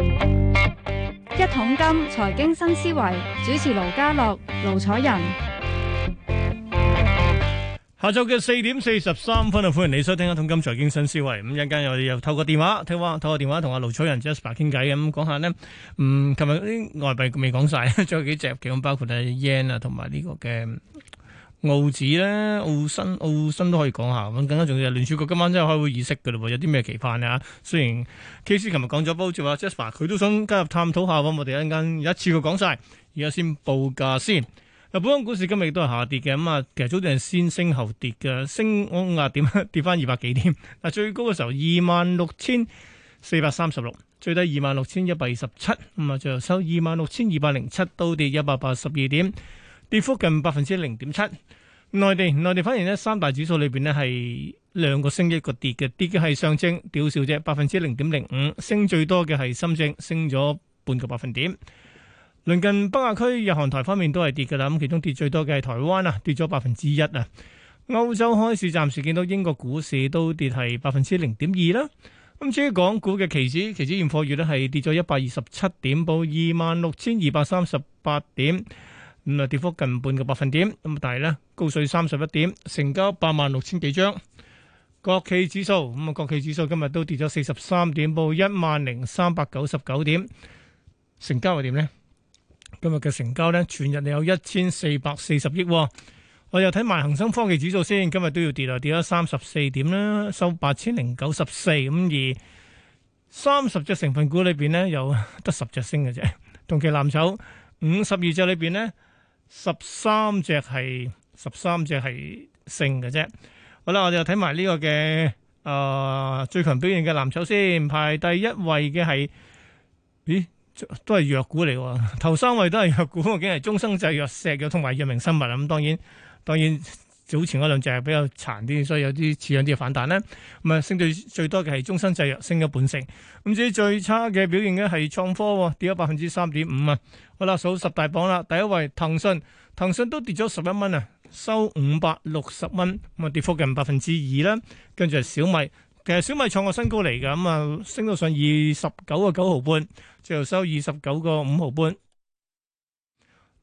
一桶金財經新思維，主持盧家樂、盧楚仁，下晝嘅四點四十三分啊！歡迎你收聽一桶金財經新思維。咁一陣間又又透過電話，透過透過電話同阿盧楚仁 Jasper 傾偈咁講下呢，嗯，琴日啲外幣未講晒，仲有幾隻其中，包括啊 yen 啊，同埋呢個嘅。澳指呢，澳新澳新都可以講下咁，更加重要係聯儲局今晚真係開會議息噶啦，有啲咩期盼啊？雖然 K C 琴日講咗煲住話，Jasper 佢都想加入探討下，我哋一陣間一次佢講晒，而家先報價先。本港股市今日亦都係下跌嘅，咁啊，其實早段係先升後跌嘅，升五廿、嗯啊、點， 跌翻二百幾點。嗱，最高嘅時候二萬六千四百三十六，最低二萬六千一百二十七，咁啊，最後收二萬六千二百零七，都跌一百八十二點。跌幅近百分之零點七。內地內地反而呢三大指數裏邊呢係兩個升一個跌嘅，跌嘅係上證屌少啫，百分之零點零五。升最多嘅係深證，升咗半個百分點。鄰近北亞區日韓台方面都係跌㗎喇。咁其中跌最多嘅係台灣啊，跌咗百分之一啊。歐洲開市，暫時見到英國股市都跌係百分之零點二啦。咁至於港股嘅期指期指現貨月咧，係跌咗一百二十七點，報二萬六千二百三十八點。咁啊，跌幅近半個百分點。咁但係咧，高水三十一點，成交八萬六千幾張。國企指數咁啊，國企指數今日都跌咗四十三點，報一萬零三百九十九點。成交係點咧？今日嘅成交咧，全日有一千四百四十億喎。我又睇埋恒生科技指數先，今日都要跌啊，跌咗三十四點啦，收八千零九十四。咁而三十隻成分股裏邊咧，有得十隻升嘅啫。同期藍籌五十二隻裏邊咧，十三隻係十三隻係升嘅啫。好啦，我哋睇埋呢個嘅誒、呃、最強表現嘅藍籌先，排第一位嘅係，咦都係藥股嚟喎，頭三位都係藥股，竟係中生製、石藥嘅，同埋藥明生物，咁當然當然當然早前嗰兩隻係比較殘啲，所以有啲似樣啲嘅反彈咧。咁啊，升到最多嘅係中生製藥，升咗半成。咁至於最差嘅表現咧，係創科跌咗百分之三點五啊。好啦，數十大榜啦，第一位騰訊，騰訊都跌咗十一蚊啊，收五百六十蚊，咁啊跌幅近百分之二啦。跟住係小米，其實小米創個新高嚟㗎，咁啊升到上二十九個九毫半，最後收二十九個五毫半，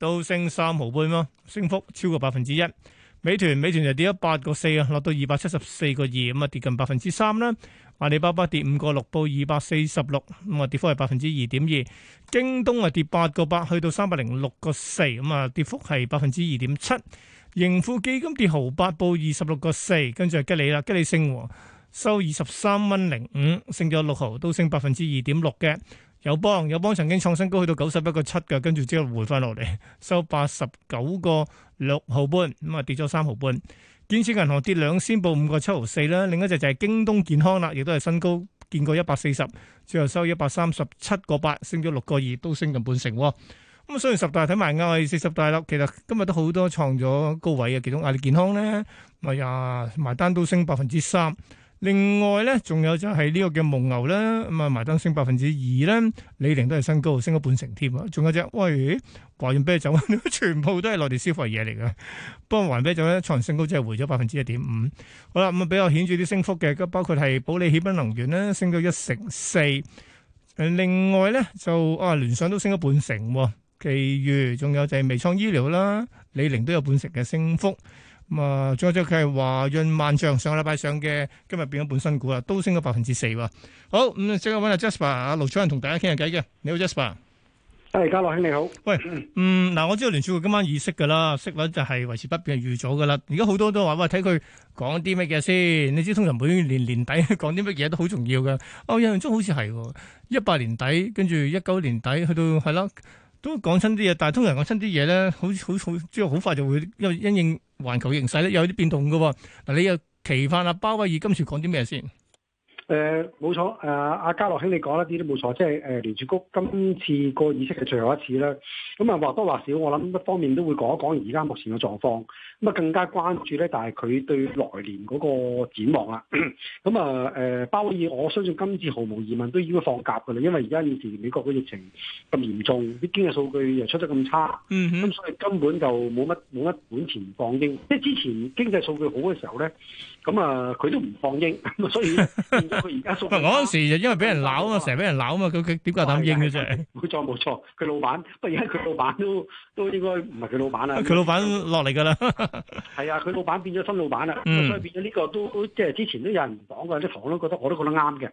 都升三毫半咯，升幅超過百分之一。美團美團就跌咗八個四啊，落到二百七十四個二，咁啊跌近百分之三啦。阿里巴巴跌五個六，報二百四十六，咁啊跌幅係百分之二點二。京東啊跌八個八，去到三百零六個四，咁啊跌幅係百分之二點七。盈富基金跌毫八，報二十六個四，跟住係吉利啦，吉利升，收二十三蚊零五，升咗六毫，都升百分之二點六嘅。友邦，友邦曾經創新高去到九十一個七㗎，跟住之後回翻落嚟，收八十九個六毫半，咁啊跌咗三毫半。建設銀行跌兩仙，報五個七毫四啦，另一隻就係京東健康啦，亦都係新高，見過一百四十，最後收一百三十七個八，升咗六個二，都升近半成。咁啊，雖然十大睇埋啱，我哋四十大啦，其實今日都好多創咗高位嘅，其中阿里健康咧，咪、哎、呀埋單都升百分之三。另外咧，仲有就係呢個嘅蒙牛啦。咁啊埋單升百分之二啦，李寧都係升高，升咗半成添啊！仲有隻喂華潤啤酒呵呵，全部都係內地消費嘢嚟㗎。不過華潤啤酒咧創新高，即係回咗百分之一點五。好啦，咁、嗯、啊比較顯著啲升幅嘅，包括係保利協鑫能源呢，升咗一成四。誒，另外咧就啊聯想都升咗半成，其餘仲有就係微創醫療啦，李寧都有半成嘅升幅。咁啊，仲有隻佢係華潤萬象上個禮拜上嘅，今日變咗本新股啦，都升咗百分之四喎。好，咁即刻揾阿 Jasper 阿盧楚仁同大家傾下偈嘅。你好，Jasper。係、哎，家樂兄你好。喂，嗯，嗱，我知道聯儲會今晚議息噶啦，息率就係維持不變預咗噶啦。而家好多都話喂，睇佢講啲乜嘢先。你知通常每年年底講啲乜嘢都好重要嘅。哦，印象中好似係一八年底跟住一九年底去到係啦。都講親啲嘢，但係通常講親啲嘢咧，好好好之後好快就會因應環球形勢咧，有啲變動㗎喎。嗱，你又期盼阿鮑威爾今次講啲咩先？誒冇、呃、錯，誒阿嘉樂兄你講一啲都冇錯，即係誒聯儲局今次個議息係最後一次啦。咁啊話多話少，我諗一方面都會講一講而家目前嘅狀況。咁啊更加關注咧，但係佢對來年嗰個展望啦、啊。咁啊、呃、包鮑爾我相信今次毫無疑問都應該放鴿噶啦，因為而家現時美國嘅疫情咁嚴重，啲經濟數據又出得咁差，咁、嗯、哼所以根本就冇乜冇乜本錢放鷹。即係之前經濟數據好嘅時候咧。咁啊，佢、嗯呃、都唔放英，咁 啊，所以變咗佢而家縮。嗰時就因為俾人鬧啊，成日俾人鬧啊，佢佢點解唔應嘅啫？冇錯冇錯，佢老闆，不過而家佢老闆都都應該唔係佢老闆啦。佢老闆落嚟㗎啦。係啊，佢老闆變咗新老闆啦。咁所以變咗呢個都即係之前都有人講過，啲堂都覺得我都覺得啱嘅，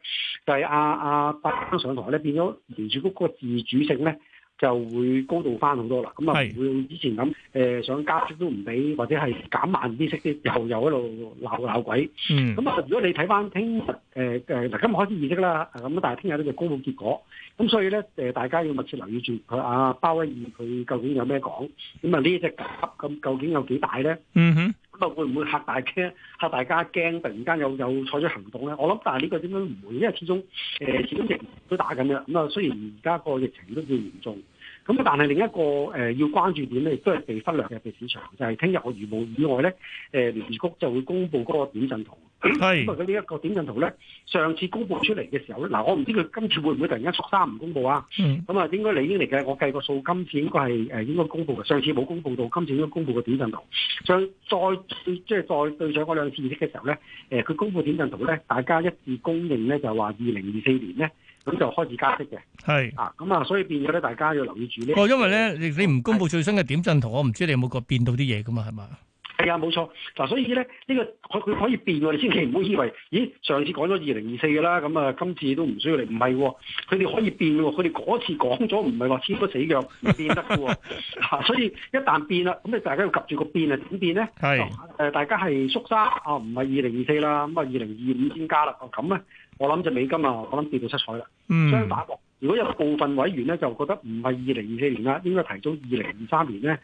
就係阿阿班上台咧，變咗廉住嗰個自主性咧。就會高度翻好多啦，咁啊會以前咁、呃、想加息都唔俾，或者係減慢啲息啲，又又喺度鬧鬧鬼。咁啊、mm，hmm. 如果你睇翻聽日嗱今日開始議息啦，咁但係聽日呢個公布結果，咁所以咧、呃、大家要密切留意住佢阿鮑威爾佢究竟有咩講，咁啊呢隻鴿咁究竟有幾大咧？嗯哼、mm。Hmm. 會唔會嚇大家嚇大家驚，突然間又採取行動咧？我諗，但呢個點樣唔會？因為始終、呃、始終疫情都打緊啦。咁啊，雖然而家個疫情都叫嚴重，咁但係另一個、呃、要關注點咧，亦都係被忽略嘅被市場，就係聽日如無意外咧，聯、呃、儲局就會公布嗰個點陣係咁啊！因為佢呢一個點陣圖咧，上次公佈出嚟嘅時候咧，嗱我唔知佢今次會唔會突然間縮三唔公佈啊？咁啊、嗯，那應該理應嚟嘅，我計個數，今次應該係誒應該公佈嘅。上次冇公佈到，今次應該公佈個點陣圖。再再即係再對上嗰兩次議息嘅時候咧，誒、呃、佢公佈點陣圖咧，大家一致公認咧就話二零二四年咧，咁就開始加息嘅。係啊是，咁啊，所以變咗咧，大家要留意住呢個，因為咧你你唔公佈最新嘅點陣圖，是我唔知你有冇個變到啲嘢噶嘛？係嘛？係啊，冇錯。嗱、啊，所以咧、這個，呢個佢佢可以變喎。你千祈唔好以為，咦，上次講咗二零二四嘅啦，咁啊，今次都唔需要嚟。唔係，佢哋可以變喎。佢哋嗰次講咗，唔係話簽個死約唔變得喎 啊。所以一旦變啦，咁你大家要及住個變,變是啊，點變咧？大家係縮沙啊，唔係二零二四啦，咁啊，二零二五先加啦。咁咧，我諗隻美金啊，我諗跌到七彩啦。嗯。相反，如果有部分委員咧，就覺得唔係二零二四年啦，應該提早二零二三年咧。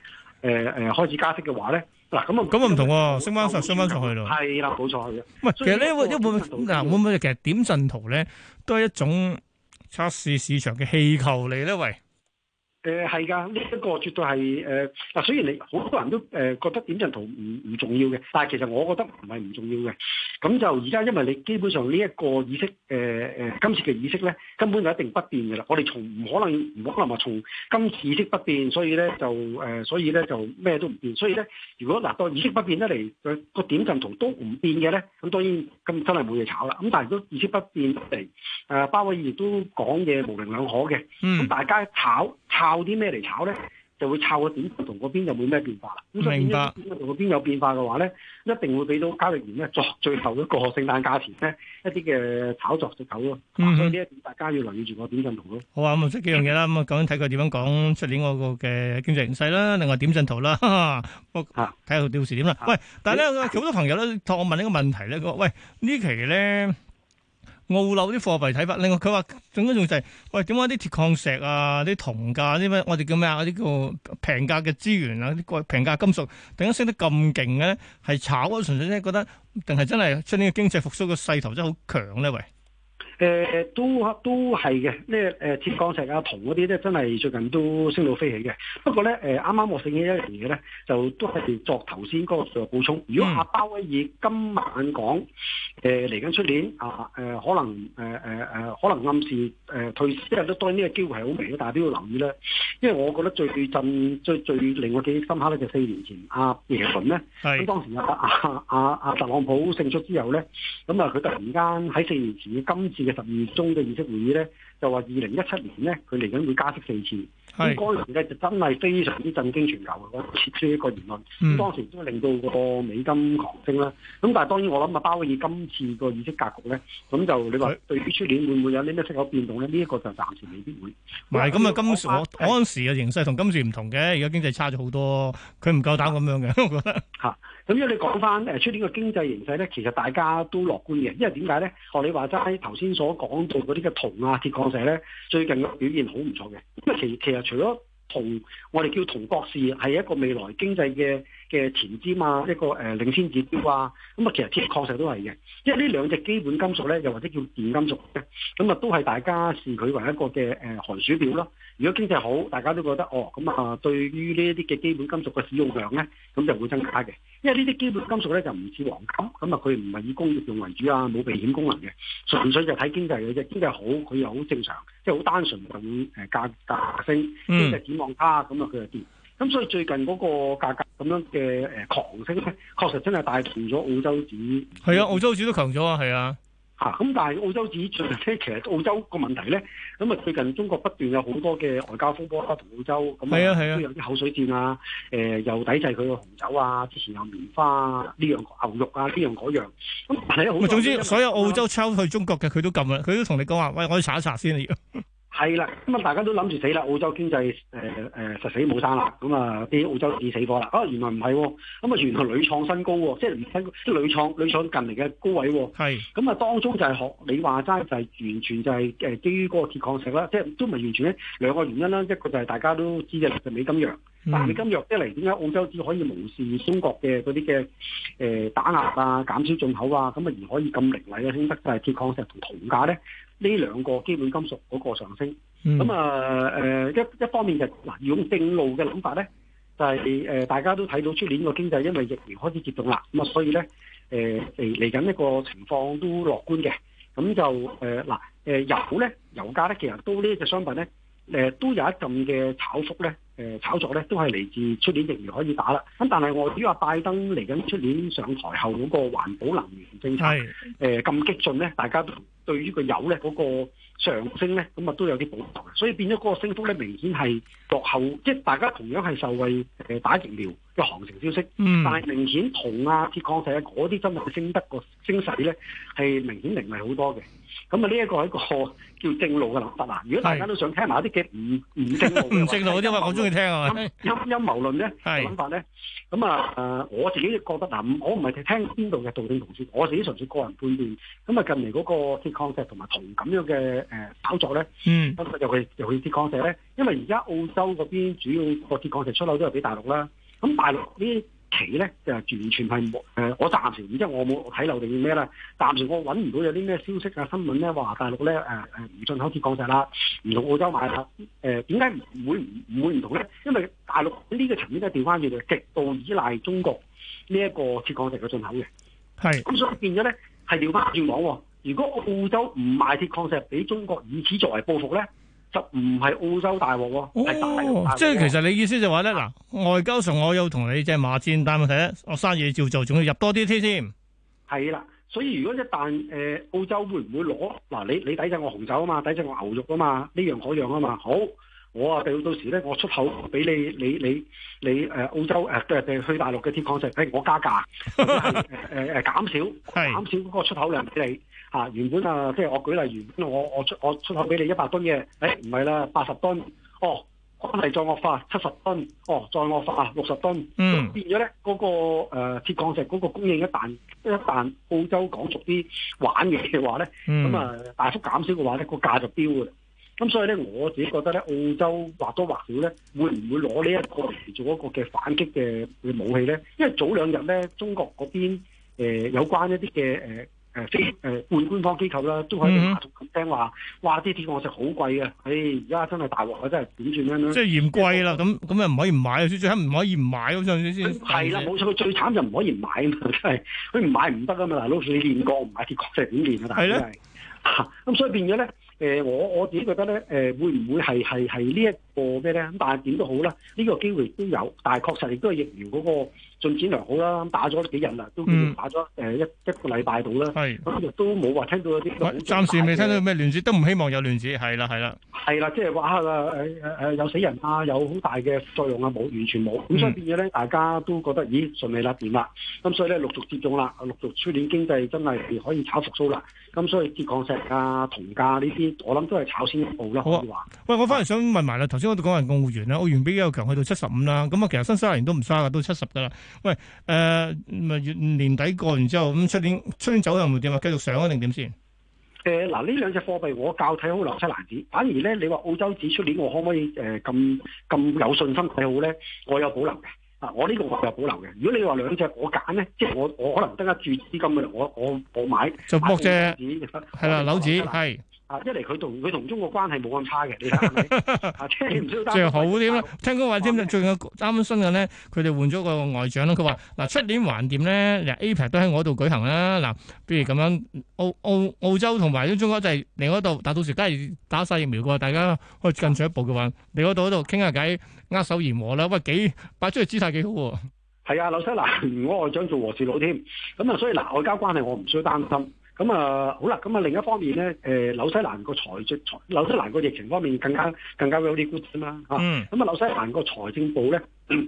誒誒開始加息嘅話咧，嗱，咁啊，咁啊唔同，升翻上，升翻上去咯，係啦冇錯嘅。唔係，其實呢個呢個嗱，會唔會其實點陣圖咧都係一種測試市場嘅氣球嚟咧？喂！誒係㗎，呢一、這個絕對係誒嗱，雖然你好多人都誒覺得點陣圖唔唔重要嘅，但係其實我覺得唔係唔重要嘅。咁就而家因為你基本上呢一個議息誒誒、呃、今次嘅議息咧，根本就一定不變嘅啦。我哋從唔可能唔可能話從今次議息不變，所以咧就誒、呃，所以咧就咩都唔變。所以咧，如果嗱個、呃、議息不變得嚟個、那個點陣圖都唔變嘅咧，咁當然咁真係冇嘢炒啦。咁但係都議息不變嚟，誒、呃、鮑威爾都講嘢模棱兩可嘅，咁大家炒炒。靠啲咩嚟炒咧，就會炒個點陣圖嗰邊就冇咩變化啦。明白。同果邊有變化嘅話咧，一定會俾到交易員咧作最後一個聖誕價錢咧一啲嘅炒作嘅頭咯。所以呢一點大家要留意住個點陣圖咯、嗯。好啊，咁、嗯、即係幾樣嘢啦。咁、嗯、啊，睇佢點樣講出年嗰個嘅經濟形勢啦，另外點陣圖啦。啊。睇下啲股市點啦。喂，啊、但係咧，好、啊、多朋友咧，我問一個問題咧，喂期呢期咧。澳洲啲貨幣睇法，另外佢話，總歸仲就係，喂，點解啲鐵礦石啊，啲銅價，啲咩，我哋叫咩啊？啲叫平價嘅資源啊，啲貴平價金屬，突然間升得咁勁嘅咧，係炒啊，純粹即覺得，定係真係出呢個經濟復甦嘅勢頭真係好強咧？喂？誒、呃、都都係嘅，咩誒鐵礦石啊、銅嗰啲咧，真係最近都升到飛起嘅。不過咧，誒啱啱我醒起一樣嘢咧，就都係作頭先嗰個補充。如果阿、啊、鮑威爾今晚講誒嚟緊出年啊，誒、啊、可能誒誒誒可能暗示誒退市，即係都當然呢個機會係好微嘅，但係都要留意咧。因為我覺得最震最最令我記憶深刻咧就四年前阿、啊、耶倫咧，咁的當時阿阿阿阿特朗普勝出之後咧，咁啊佢突然間喺四年前嘅今次嘅十二月中嘅議息會議咧，就話二零一七年咧，佢嚟緊會加息四次。咁嗰時咧就真係非常之震驚全球啊！我撤出一個言論。咁、嗯、當時都令到個美金狂升啦。咁但係當然我諗啊，鮑威爾今次個議息格局咧，咁就你話對於出年會唔會有啲咩息口變動咧？呢、這、一個就暫時未必會。唔係咁啊，今時我嗰陣是時嘅形勢同今時唔同嘅。而家經濟差咗好多，佢唔夠膽咁樣嘅，我覺得嚇。啊。咁如果你講翻出年嘅經濟形勢咧，其實大家都樂觀嘅，因為點解咧？學你話齋頭先所講到嗰啲嘅銅啊、鐵礦石咧，最近嘅表現好唔錯嘅。咁因為其其實除咗銅，我哋叫銅博士，係一個未來經濟嘅。嘅前瞻啊，一個誒領先指標啊，咁啊其實鐵確實都係嘅，因為呢兩隻基本金屬咧，又或者叫電金屬呢，咁啊都係大家視佢為一個嘅誒寒暑表咯。如果經濟好，大家都覺得哦，咁啊對於呢一啲嘅基本金屬嘅使用量咧，咁就會增加嘅。因為呢啲基本金屬咧就唔似黃金，咁啊佢唔係以工業用為主啊，冇避險功能嘅，純粹就睇經濟嘅啫。經濟好，佢又好正常，即係好單純咁誒價價升。經濟展望差，咁啊佢就跌。咁、嗯、所以最近嗰個價格咁樣嘅誒狂升咧，確實真係帶動咗澳洲紙。係啊，澳洲紙都強咗啊，係啊、嗯。咁但係澳洲紙最近其實澳洲個問題咧，咁、嗯、啊最近中國不斷有好多嘅外交風波啦，同澳洲咁、嗯、啊，都、啊、有啲口水戰啊。誒、呃，又抵制佢嘅紅酒啊，之前有棉花啊，呢樣牛肉啊，呢樣嗰樣。咁、嗯、但係好。唔係，總之所有澳洲抽去中國嘅，佢都撳啦，佢都同你講話，喂，我去查一查先、啊 .係啦，咁啊大家都諗住死啦，澳洲經濟誒誒、呃呃、實死冇生啦，咁啊啲澳洲紙死火啦，哦、啊、原來唔係喎，咁啊原來屢創新高喎、哦，即係新即係屢創屢創近嚟嘅高位喎、哦，咁啊的、嗯、當中就係學你話齋，就係完全就係誒基於嗰個鐵礦石啦，即係都唔係完全咧兩個原因啦，一個就係大家都知嘅就美金弱。但係今日一嚟，點解澳洲只可以無視中國嘅嗰啲嘅打壓啊、減少進口啊，咁啊而可以咁凌厲嘅升得就係鐵礦石同銅價咧？呢兩個基本金屬嗰個上升。咁、嗯、啊一、呃、一方面就嗱、是、用正路嘅諗法咧，就係、是、大家都睇到出年個經濟因為疫情開始接種啦，咁啊所以咧嚟嚟緊呢、呃、個情況都樂觀嘅。咁就嗱、呃呃、油呢，咧，油價咧其實都呢隻商品咧。誒都有一陣嘅炒幅咧，誒炒作咧都係嚟自出年疫苗可以打啦。咁但係我只話拜登嚟緊出年上台後嗰個環保能源政策誒咁激進咧，大家都對於個油咧嗰、嗰個上升咧，咁啊都有啲保留，所以變咗嗰個升幅咧，明顯係落後。即係大家同樣係受惠誒打疫苗嘅航程消息，嗯、但係明顯銅啊、鐵礦石啊嗰啲真係升得個升勢咧，係明顯凌厲好多嘅。咁啊，呢一個係一個叫正路嘅諗法啦。如果大家都想聽埋一啲嘅唔唔正路、唔正路嗰啲，我中意聽啊。陰陰謀論咧，諗是法咧。咁、呃、啊，我自己覺得嗱、呃，我唔係聽邊度嘅道聽途説，我自己純粹個人判斷。咁啊，近嚟嗰個鐵礦石同埋銅咁樣嘅誒炒作咧，嗯，特別尤其尤其鐵礦石咧，因為而家澳洲嗰邊主要個鐵礦石出口都係俾大陸啦，咁大陸啲。佢咧就完全係冇、呃、我暫時，即係我冇睇樓定咩啦。暫時我揾唔到有啲咩消息啊、新聞咧話大陸咧唔、呃、進口鐵礦石啦，唔同澳洲買下，點解唔會唔唔會唔同咧？因為大陸呢個層面咧調翻轉就極度依賴中國呢一個鐵礦石嘅進口嘅。咁是所以變咗咧係調翻轉網。如果澳洲唔賣鐵礦石俾中國，以此作為報復咧？唔係澳洲大禍喎、哦，即係其實你意思就話咧嗱，外交上我有同你即係馬戰，但係問題我生意照做，仲要入多啲添。係啦，所以如果一旦誒、呃、澳洲會唔會攞嗱、啊？你你抵制我紅酒啊嘛，抵制我牛肉啊嘛，呢樣嗰樣啊嘛，好，我啊到到時咧，我出口俾你，你你你誒、呃、澳洲誒、呃、去大陸嘅鐵礦石，Con、S, 我加價，誒、就、誒、是呃、減少 是減少嗰個出口量俾你。啊，原本啊，即、就、係、是、我舉例，原本我我出我出口俾你一百噸嘅，誒唔係啦，八十噸，哦可能係再惡化，七十噸，哦再惡化，六十噸，嗯、變咗咧嗰個誒、呃、鐵礦石嗰個供應一旦一旦澳洲講熟啲玩嘢嘅話咧，咁啊、嗯嗯、大幅減少嘅話咧，嗰個價就飆嘅啦。咁所以咧，我自己覺得咧，澳洲或多或少咧，會唔會攞呢一個嚟做一個嘅反擊嘅武器咧？因為早兩日咧，中國嗰邊、呃、有關一啲嘅誒、呃誒即係半官方機構啦，都可以拿聽話，嗯、哼哇！啲鐵礦石好貴嘅，誒而家真係大鑊啊！真係點算咧？即係嫌貴啦，咁咁又唔可以唔買，最最慘唔可以唔買咁先係啦，冇錯，最慘就唔可以唔買啊嘛！真係佢唔買唔得啊嘛！嗱，老師你練過，唔買鐵礦石點練的啊？但係咧，咁所以變咗咧、呃，我我自己覺得咧，誒、呃、會唔會係係係呢一？這個咩咧？咁但係點都好啦，呢個機會都有，但係確實亦都係疫苗嗰個進展良好啦。打咗幾日啦，都打咗誒一一個禮拜到啦。係咁亦都冇話聽到有啲暫時未聽到咩亂子，都唔希望有亂子。係啦，係啦，係啦，即係話啦，誒誒誒，有死人啊，有好大嘅副作用啊，冇完全冇。咁、嗯、所以變咗咧，大家都覺得咦順利啦，掂啦。咁所以咧，陸續接種啦，陸續出年經濟真係可以炒復蘇啦。咁所以鐵礦石啊、銅價呢啲，我諗都係炒先一步啦。好，可以話。喂，我翻嚟想問埋啦，頭先。應該都講係公務員啦，澳元比較強去到七十五啦。咁啊，其實新西蘭都唔差噶，到七十噶啦。喂，誒，咪年底過完之後，咁出年出年走又會點啊？繼續上啊，定點先？誒，嗱，呢兩隻貨幣我較睇好新西蘭紙，反而咧，你話澳洲紙出年我可唔可以誒咁咁有信心睇好咧？我有保留嘅，啊，我呢個我有保留嘅。如果你話兩隻我揀咧，即係我我可能得一注資金嘅，我我我買。就博啫，係啦，樓紙係。啊！一嚟佢同佢同中國關係冇咁差嘅，你睇下咪，即係、 啊、好添啦但聽講話添，仲有啱新嘅咧，佢哋換咗個外長啦。佢話嗱，出、啊、年橫掂咧，APEC 都喺我度舉行啦。嗱、啊，比如咁樣，澳澳澳洲同埋啲中國就係嚟度，但到時梗係打晒疫苗嘅，大家可以更進一步嘅話，你嗰度喺度傾下偈，握手言和啦。喂、哎，幾擺出嚟姿態幾好喎。係啊，盧生嗱，啊、我外長做和事佬添，咁啊，所以嗱、啊，外交關係我唔需要擔心。咁啊，好啦，咁啊另一方面咧，誒、呃、紐西蘭個財政、紐西蘭個疫情方面更加更加 very good 啊嘛嚇，咁啊紐西蘭個財政部咧，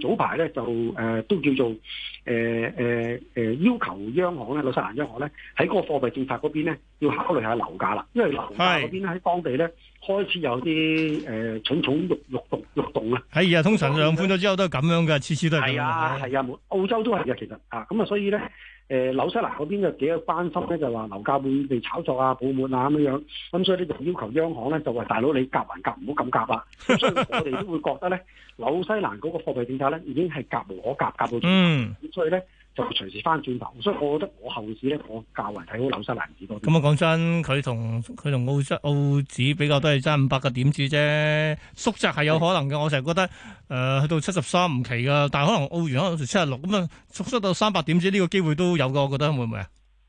早排咧就誒、呃、都叫做誒誒誒要求央行咧，紐西蘭央行咧喺嗰個貨幣政策嗰邊咧要考慮下樓價啦，因為樓價嗰邊喺當地咧。開始有啲誒、呃、蠢蠢欲欲動欲動啦，係啊、哎，通常兩款咗之後都係咁樣嘅，次次都係咁樣。係啊，啊，澳洲都係嘅，其實啊，咁啊，所以咧、呃，紐西蘭嗰邊嘅幾個班心咧，就話樓價會被炒作啊、泡沫啊咁樣，咁所以呢，就要求央行咧就話大佬你夾還夾唔好咁夾啦。所以我哋都會覺得咧 紐西蘭嗰個貨幣政策咧已經係夾無可夾，夾到嗯。所以咧。就隨時翻轉頭，所以我覺得我後市咧，我較為睇好紐西蘭指多啲。咁啊，講真，佢同佢同澳澳指比較都係爭五百個點子啫，縮窄係有可能嘅。的我成日覺得，誒、呃、去到七十三唔奇噶，但可能澳元可能七十六咁啊，縮縮到三百點子呢個機會都有噶，我覺得會唔會啊？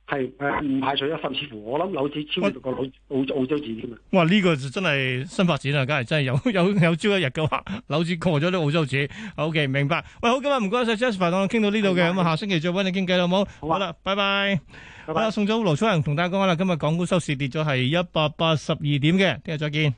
係誒，唔排除啊！甚至乎，我諗樓子超過澳澳澳洲紙添啊！哇，呢、這個就真係新發展啊！梗係真係有有有朝一日嘅話，樓子過咗啲澳洲紙，OK，明白。喂，好今日唔該晒 Jasper 我哋傾到呢度嘅，咁啊、嗯，下星期再搵你傾偈好唔好？好啦，好啊、拜拜。好拜，拜。拜拜好送咗盧楚仁同大家講下啦，今日港股收市跌咗係一百八十二點嘅，聽日再見。